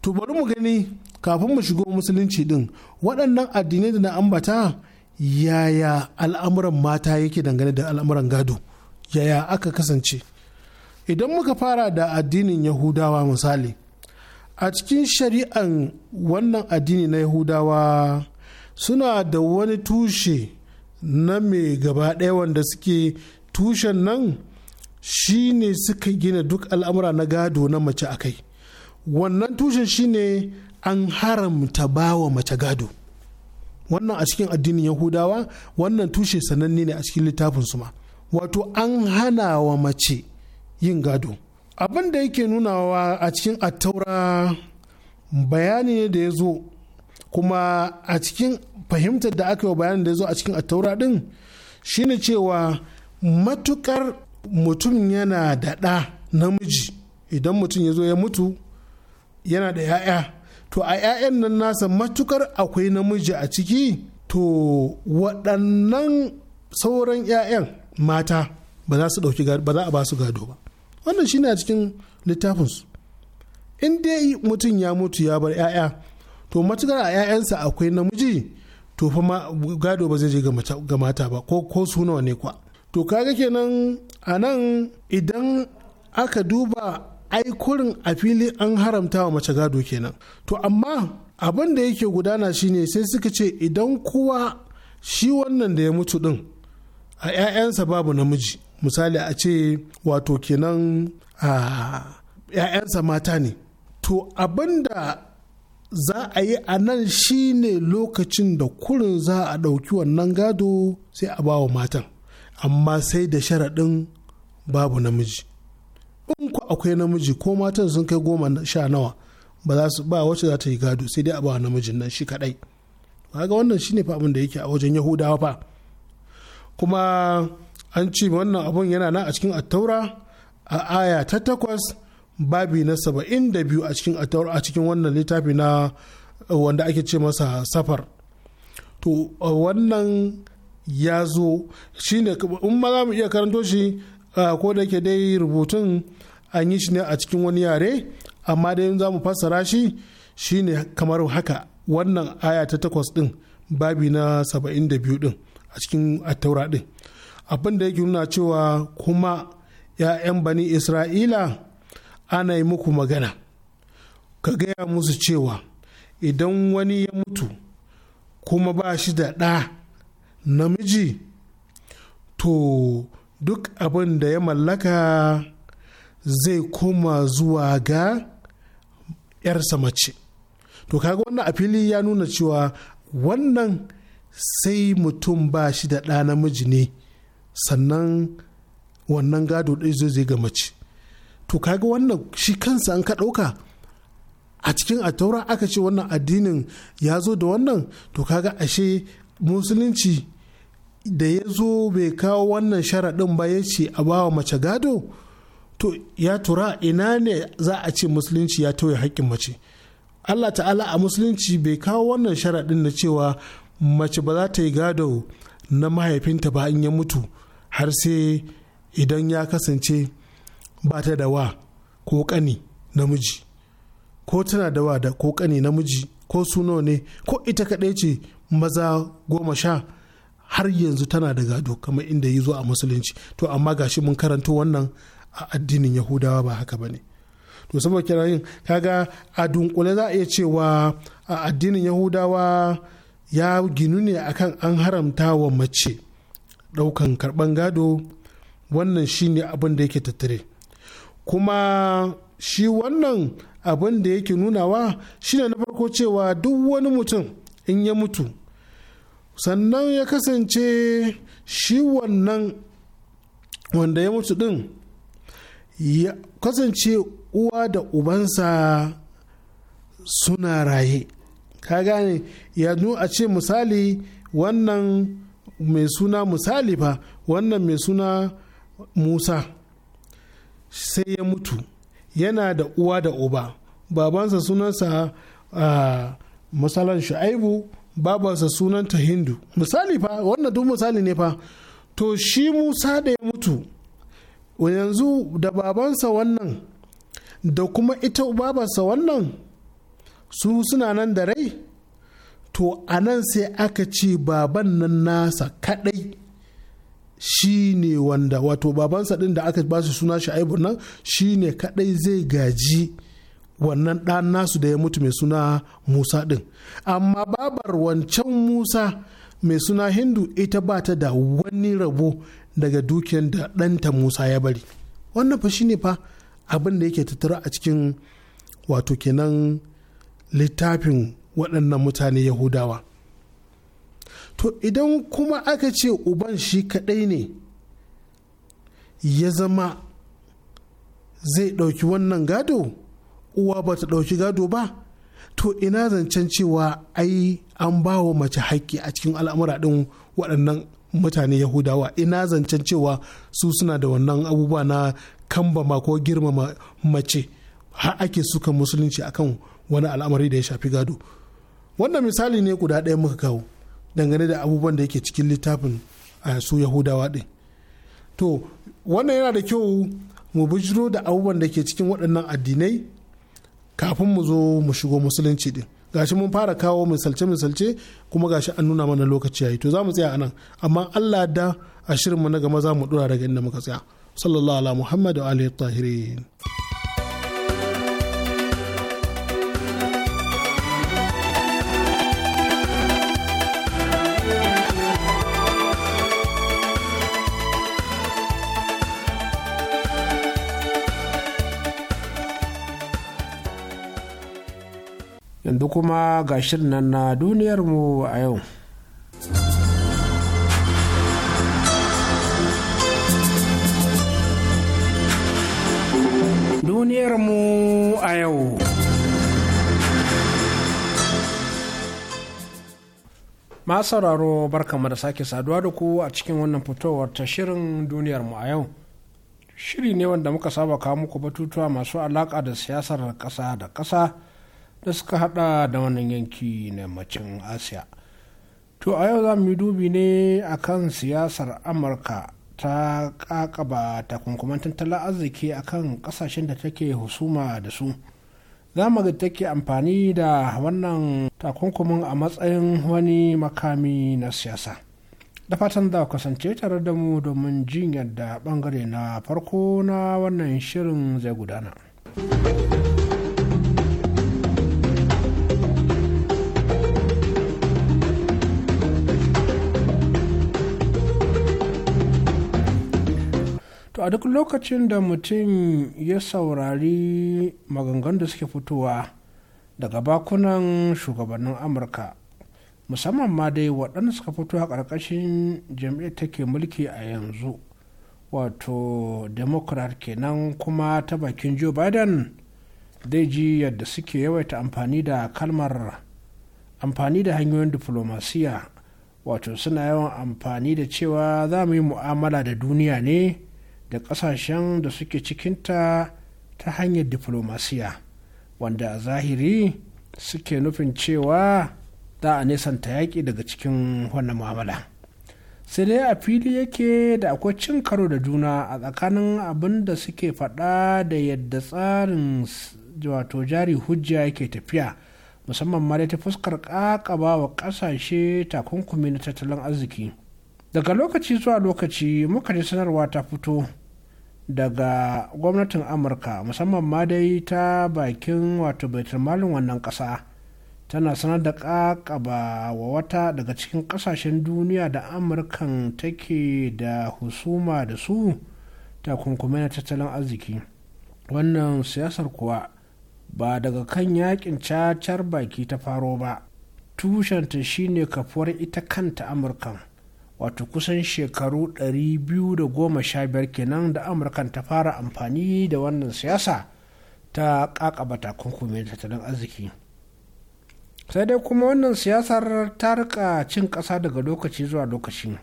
to bari mu gani kafin mu shigo musulunci din waɗannan addinai da na ambata yaya al'amuran mata yake dangane da al'amuran gado yaya aka kasance idan muka fara da addinin yahudawa misali a cikin shari'an wannan addini na yahudawa suna da wani tushe na mai gaba ɗaya wanda suke tushen nan shi ne suka gina duk al'amura na gado na mace a kai wannan tushen shi ne an haramta bawa mace gado wannan a cikin addinin yahudawa wannan tushe sananne ne a cikin littafin su ma wato an hana wa mace yin gado abin da yake nunawa a cikin attaura bayani ne da ya zo kuma a cikin fahimtar da aka yi wa bayanin da ya zo a cikin attaura din shine cewa matukar mutum yana da ɗa namiji idan mutum ya zo ya mutu yana da 'ya'ya to a 'ya'yan nan nasa matukar akwai namiji a ciki to waɗannan sauran 'ya'yan mata ba za su ɗauki ba za a ba su gado ba wannan shine a cikin littafinsu in dai mutum ya mutu ya bar 'ya'ya to matukar a 'ya'yansa akwai namiji to fa gado ba zai je ga mata ba ko su nawa ne kwa to kaga kenan a nan idan aka duba aikurin a fili an haramta wa mace gado kenan to amma abin da yake gudana shine sai suka ce idan kuwa shi wannan da ya mutu din a 'ya'yansa babu namiji misali a ce wato kenan a 'ya'yansa mata ne to abin da za a yi a nan shine lokacin da kurin za a ɗauki wannan gado sai a bawa matan amma sai da sharaɗin babu namiji in ku akwai namiji ko matan sun kai goma sha nawa ba za su ba wacce za ta yi gado sai dai a ba namijin nan shi kaɗai kaga wannan shine fa abin da yake a wajen yahudawa fa kuma an ce wannan abun yana nan a cikin attaura a aya ta takwas babi na saba'in da biyu a cikin attaura a cikin wannan littafi na wanda ake ce masa safar to wannan ya zo shine in ma za mu iya karanto shi ko da ke dai rubutun an yi shi ne a cikin wani yare amma dai za mu fassara shi shine kamar haka wannan aya ta takwas din babi na saba'in da biyu din a cikin attaura din abin da yake nuna cewa kuma 'ya'yan bani isra'ila ana yi muku magana ka gaya musu cewa idan wani ya mutu kuma ba shi da ɗa namiji to duk abin da ya mallaka zai koma zuwa ga 'yarsa mace to kaga wannan a fili ya nuna cewa wannan sai mutum ba shi da ɗa namiji ne sannan wannan gado ɗai zai ga mace to kaga wannan shi kansa an ka ɗauka a cikin a taura aka ce wannan addinin ya zo da wannan to kaga ashe musulunci da ya zo bai kawo wannan sharaɗin ba ya ce a bawa mace gado to ya tura ina ne za a ce musulunci ya tauye haƙƙin mace allah ta'ala a musulunci bai kawo wannan sharaɗin na cewa mace ba za ta yi gado na mahaifinta ba in ya mutu har sai idan ya kasance ba ta da wa ko ƙani namiji ko tana da wa da ko ƙani namiji ko suno ne ko ita kaɗai ce maza goma sha har yanzu tana da gado kamar inda ya zo a musulunci to amma gashi mun karanta wannan a addinin yahudawa ba haka ba ne to saboda kira yin kaga a dunkule za a iya cewa a addinin yahudawa ya ginu ne akan an haramta wa mace daukan karban gado wannan shine abin da yake tattare kuma shi wannan abin da yake nunawa shine na farko cewa duk wani mutum in ya mutu sannan ya kasance shi wannan wanda ya mutu din ya kasance uwa da ubansa suna raye ka gane ya a ce misali wannan mai suna misali ba wannan mai suna musa sai ya mutu yana da uwa da uba babansa sunansa a uh, masalan shu'aibu babarsa sunanta hindu misali fa wannan duk misali ne fa to shi musa da ya mutu yanzu da babansa wannan da kuma ita babarsa wannan su suna nan da rai to a nan sai aka ce baban nan nasa kadai shi ne wanda wato babansa din da aka ba su suna shi nan shi ne kadai zai gaji wannan ɗan nasu da ya mutu mai suna musa ɗin amma babar wancan musa mai suna hindu ita ba ta da wani rabo daga dukiyar da ɗanta musa ya bari wannan fa shi ne fa abin da yake tattara a cikin wato kenan littafin waɗannan mutane yahudawa to idan kuma aka ce uban shi kaɗai ne ya zama zai ɗauki wannan gado uwa ba ta ɗauki gado ba to ina zancen cewa ai an ba wa mace haƙƙi a cikin al'amura ɗin waɗannan mutane yahudawa ina zancen cewa su suna da wannan abubuwa na kambama ko girmama mace har ake suka musulunci akan wani al'amari da ya shafi gado wannan misali ne guda ɗaya muka kawo dangane da abubuwan da yake cikin littafin a su yahudawa ɗin to wannan yana da kyau mu bijiro da abubuwan da ke cikin waɗannan addinai kafin mu zo mu shigo musulunci din gashi mun fara kawo misalce-misalce kuma gashi an nuna mana lokaci yayi to za mu tsaya anan amma Allah da ashirin mu na gama za mu dura daga inda muka tsaya sallallahu alaihi muhammad wa alihi tahirin yanzu kuma ga shirin nan na duniyarmu a yau. Duniyarmu a yau. Masu sauraro barkamu da sake saduwa da ku a cikin wannan fitowar ta shirin duniyarmu a yau. Shiri ne wanda muka saba kawo muku batutuwa masu alaƙa da siyasar ƙasa da ƙasa. da suka hada da wannan yanki na macin asiya to a yau za mu yi dubi ne akan siyasar amurka ta kakaba takunkuman tattalin arziki akan kasashen da take husuma da su za mu take amfani da wannan takunkumin a matsayin wani makami na siyasa da fatan za kasance tare da mu domin jin yadda bangare na farko na wannan shirin zai gudana. a duk lokacin da mutum ya saurari maganganun da suke fitowa daga bakunan shugabannin amurka musamman ma dai waɗanda suka fito a ƙarƙashin jam'iyyar take mulki a yanzu wato democrat kenan kuma ta bakin joe biden zai ji yadda suke yawaita amfani da kalmar amfani da hanyoyin diflomasiya wato suna yawan amfani da cewa za mu yi mu'amala da duniya ne da ƙasashen da suke cikinta ta hanyar diflomasiya wanda a zahiri suke nufin cewa za a nesanta yaƙi daga cikin wannan mu'amala sai dai a fili yake da akwai cin karo da juna a tsakanin abin da suke faɗa da yadda tsarin wato jari hujja yake tafiya musamman ma dai ta fuskar ƙaƙaba wa ƙasashe takunkumi na tattalin arziki daga lokaci zuwa lokaci muka ji sanarwa ta fito daga gwamnatin amurka musamman ma dai ta bakin wato baitulmalin wannan kasa, tana sanar da kakaba wa wata daga cikin ƙasashen duniya da amurkan take da husuma da su takunkumai na tattalin arziki wannan siyasar kuwa ba daga kan yakin cacar baki ta faro ba tushenta shine kafuwar ita kanta amurkan wato kusan shekaru 215 kenan da amurkan ta fara amfani da wannan siyasa ta kakaba takunkumin tattalin arziki sai dai kuma wannan siyasar ta rika cin ƙasa daga lokaci zuwa lokaci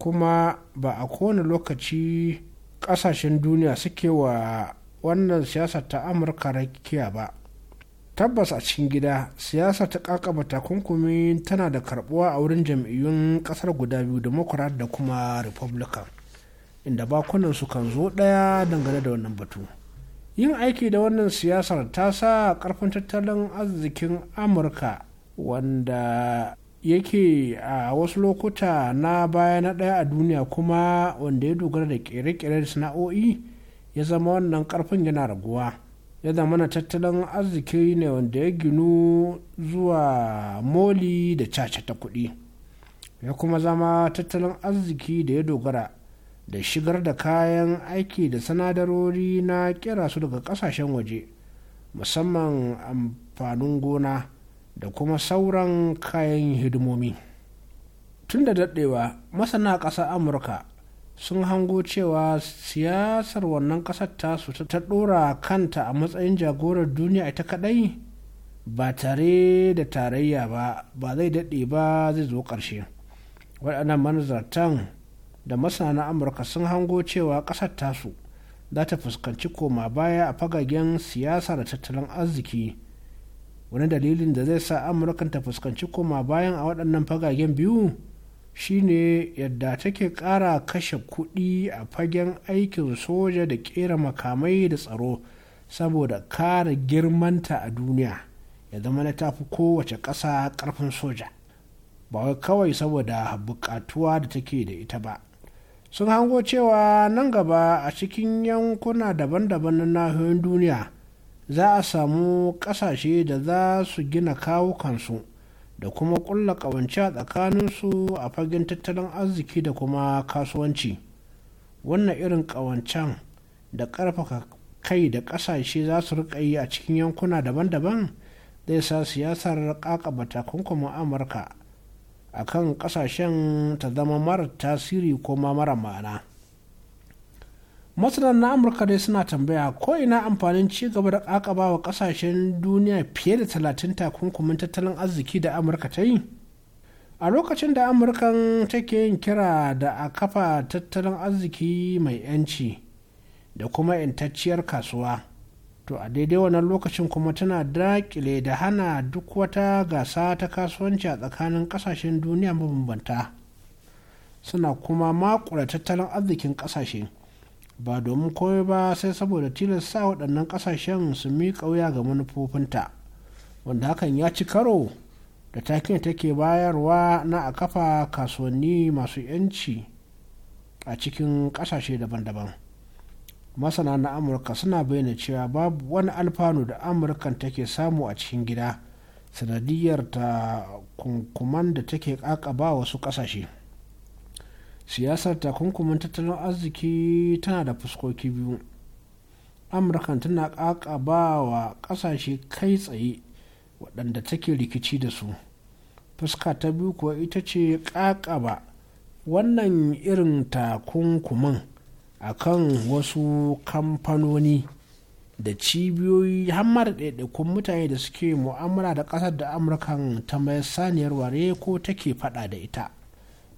kuma ba a kowane lokaci ƙasashen duniya suke wa wannan siyasar ta amurka rakiya ba tabbas a cikin gida siyasa ta kakaba takunkumi tana da karbuwa a wurin jam'iyyun kasar guda biyu democrat da kuma republican inda bakunan su kan zo daya dangane da wannan batu yin aiki da wannan siyasar ta sa karfin tattalin arzikin amurka wanda yake a wasu lokuta na baya na daya a duniya kuma wanda ya dogara da kere-kere sana'o'i ya zama wannan karfin yana raguwa. ya mana tattalin arziki ne wanda ya ginu zuwa moli da caca ta kuɗi ya kuma zama tattalin arziki da ya dogara da shigar da kayan aiki da sanadarori na kira su daga kasashen waje musamman amfanin gona da kuma sauran kayan hidimomi tun da daɗewa masana ƙasa amurka sun hango cewa siyasar wannan ƙasar tasu ta ɗora kanta a matsayin jagorar duniya ita kaɗai ba tare da tarayya ba ba zai daɗe ba zai zo ƙarshe waɗannan manazartan da masana amurka sun hango cewa ƙasar tasu za ta fuskanci koma baya a fagagen siyasa da tattalin arziki wani dalilin da zai sa amurkan ta fuskanci koma bayan a waɗannan fagagen biyu shine yadda take kara kashe kuɗi a fagen aikin soja da kera makamai da tsaro saboda kara girmanta a duniya ya zama na tafi kowace ƙasa ƙarfin soja ba kawai saboda buƙatuwa da take da ita ba sun hango cewa nan gaba a cikin yankuna daban-daban na nahiyoyin duniya za a samu ƙasashe da za su gina kawukansu da kuma ƙulla ƙawance a tsakaninsu a fagen tattalin arziki da kuma kasuwanci wannan irin ƙawancen da ƙarfafa kai da ƙasashe za su riƙa yi a cikin yankuna daban-daban zai sa siyasar ƙaƙabata takunkumin amurka a kan ƙasashen ta zama mara tasiri ko mara ma'ana. masana na amurka dai suna tambaya ko ina amfanin ci gaba da kakaba wa kasashen duniya fiye da talatin takunkumin tattalin arziki da amurka ta yi a lokacin da amurkan take yin kira da a kafa tattalin arziki mai yanci da kuma intacciyar kasuwa to a daidai wannan lokacin kuma tana dakile da hana duk wata gasa ta kasuwanci a tsakanin kasashen duniya mabambanta suna kuma makula tattalin arzikin ƙasashe. ba domin komai ba sai saboda tilasta waɗannan ƙasashen su mi wuya ga manufofinta wanda hakan ya ci karo da takin take bayarwa na a kafa kasuwanni masu 'yanci a cikin ƙasashe daban-daban masana na amurka suna bayyana cewa babu wani alfanu da amurkan take samu a cikin gida sanadiyar ta kunkuman da take ƙaƙaba wasu ƙasashe siyasar takunkumin tattalin arziki tana da fuskoki biyu amurka tana kakaba wa kasashe kai tsaye waɗanda take rikici da su fuska ta biyu kuwa ita ce kakaba wannan irin takunkumin a kan wasu kamfanoni da cibiyoyi hammar ɗaiɗaikun mutane da suke mu'amala da ƙasar da amurkan ta mai saniyar ware ko take faɗa da ita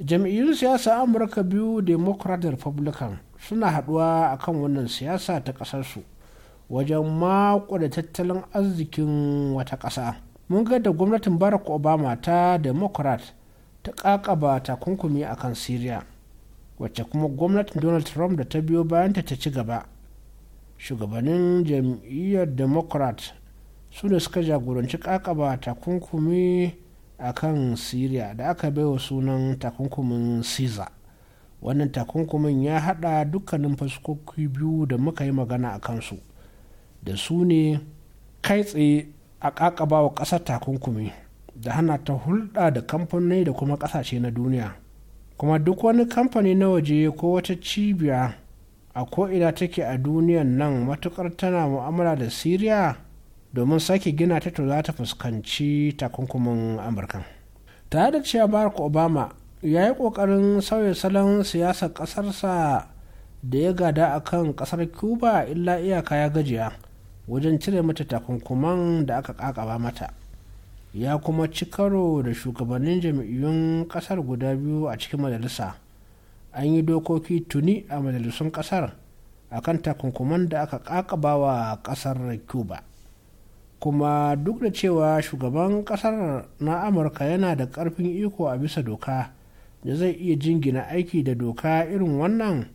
jam'iyyun siyasa amurka biyu democrat da republican suna haduwa akan wannan siyasa ta kasarsu wajen mako da tattalin arzikin wata kasa. mun ga da gwamnatin barack obama ta democrat ta kakaba takunkumi a kan syria wacce kuma gwamnatin donald trump da ta biyo bayanta ta ci gaba shugabannin jam'iyyar democrat su ne suka jagoranci kakaba takunkumi a kan syria da aka baiwa sunan takunkumin caesar wannan takunkumin ya hada dukkanin fasikoki biyu da muka yi magana a kansu da su ne kai tsaye a kakaba wa takunkumi da hana ta hulɗa da kamfanoni da kuma ƙasashe na duniya kuma duk wani kamfani na waje ko wata cibiya a ko'ina take a duniyan nan matukar tana mu'amala da syria domin sake gina ta to za ta fuskanci takunkumin amurkan tare da cewa barack obama ya yi kokarin sauya salon siyasar kasarsa da ya gada a kan kasar cuba illa iyaka ya gajiya wajen cire mata takunkuman da aka ƙaƙaba mata ya kuma ci karo da shugabannin jam'iyyun kasar guda biyu a cikin majalisa an yi dokoki tuni a majalisun ƙasar akan takunkuman da aka ƙaƙaba wa kasar cuba kuma duk da cewa shugaban kasar na amurka yana da karfin iko a bisa doka da zai iya jingina aiki da doka irin wannan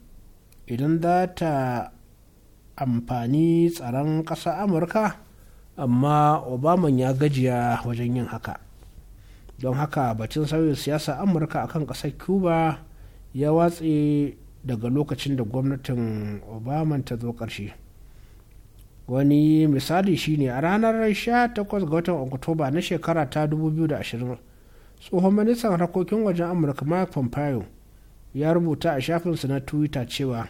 idan za ta amfani tsaron ƙasa amurka amma obaman ya gajiya wajen yin haka don haka batun sauyin siyasa amurka akan ƙasar cuba ya watse daga lokacin da gwamnatin obama ta zo ƙarshe wani misali shine a ranar 18 ga watan oktoba na shekara ta 2020 tsohon ministan harkokin wajen amurka mike pompeo ya rubuta a shafinsa na twitter cewa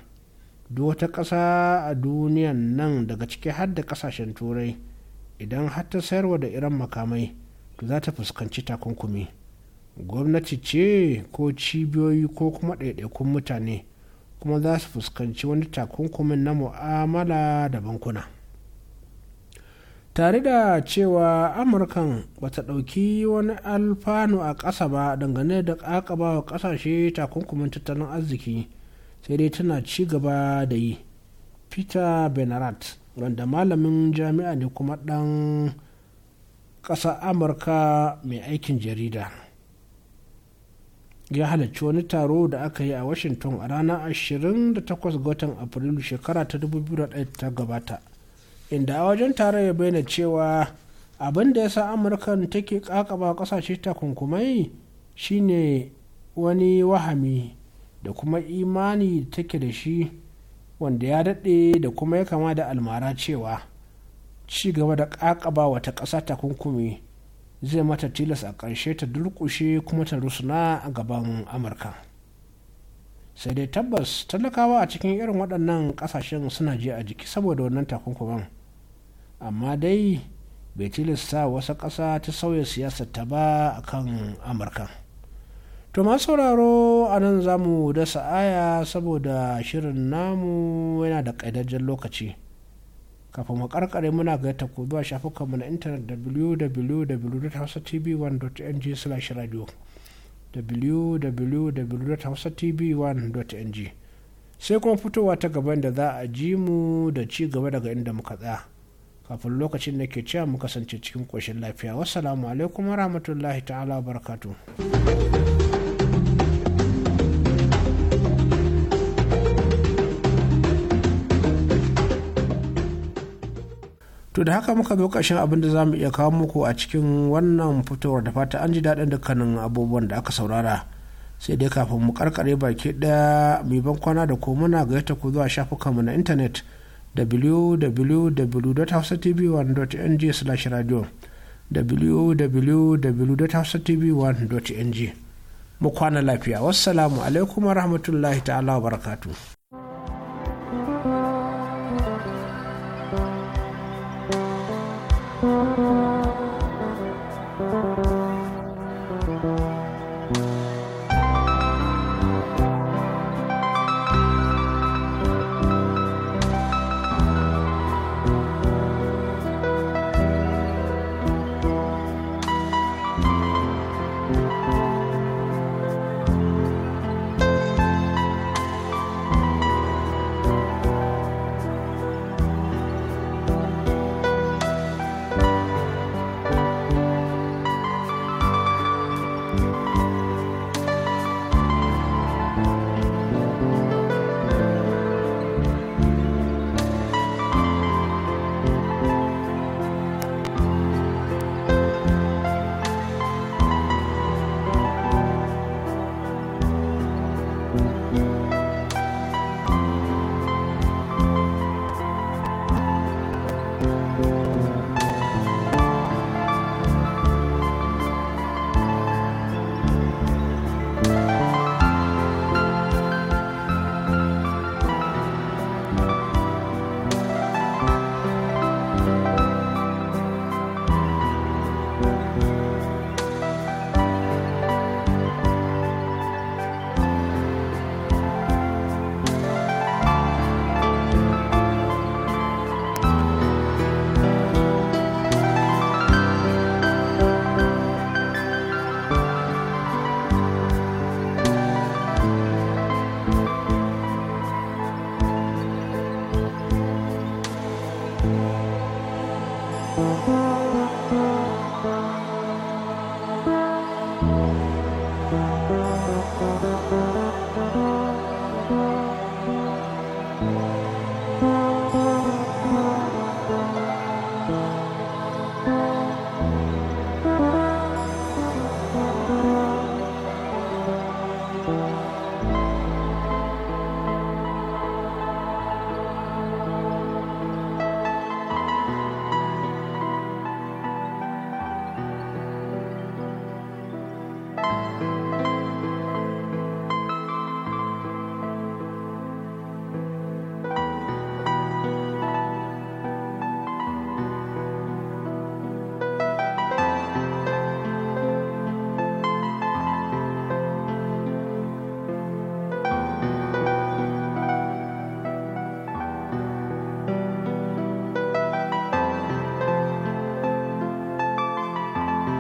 duk wata ƙasa a duniyan nan daga ciki har da ƙasashen turai idan har ta sayarwa da iran makamai to za ta fuskanci takunkumi gwamnati ce ko cibiyoyi ko kuma ɗaiɗaikun mutane kuma za su fuskanci wani takunkumin na mu'amala da bankuna. tare da cewa amurkan bata dauki wani alfanu a ƙasa ba dangane da ƙaƙabawa wa ƙasashe takunkumin tattalin arziki sai dai tana ci gaba da yi peter benarat wanda malamin jami'a ne kuma ɗan ƙasa amurka mai aikin jarida ya halarci wani taro da aka yi a washington a ranar 28 ga watan afrilu shekara ta 2001 ta gabata inda a wajen tare ya bayyana cewa abin da ya sa amurkan take kakaba kasashe takunkumai shine wani wahami da kuma imani da take da shi wanda ya daɗe da kuma ya kama da almara cewa ci gaba da kakaba wata ƙasa takunkumi zai mata tilas a ƙarshe ta durƙushe kuma ta rusuna a gaban amurka sai dai tabbas talakawa a cikin irin waɗannan ƙasashen suna je a jiki saboda wannan takunkuman amma dai bai tilasta wasa ƙasa ta sauya siyasa ta ba a kan amurka to ma sauraro a nan za mu dasa aya saboda shirin namu yana da ƙaidajen lokaci kafin mu karkare muna ga ta kuduwa shafukanmu na intanet www.hausatv1.ng slash radio www.hausatv1.ng sai kuma fitowa ta gaban da za a ji mu da ci gaba daga inda muka tsaya kafin lokacin da ke cewa mu kasance cikin koshin lafiya wasalamu alaikum rahmatullahi ta'ala barakatu. to da haka muka zo ƙarshen abin da za mu iya kawo muku a cikin wannan fitowar da fata an ji daɗin dukkanin abubuwan da aka saurara sai dai kafin mu karkare baki ɗaya mai ban kwana da ko muna gayyata ku zuwa shafukanmu na intanet www.hausatv1.ng slash radio www.hausatv1.ng mu kwana lafiya wassalamu alaikum warahmatullahi ta'ala wa barakatu.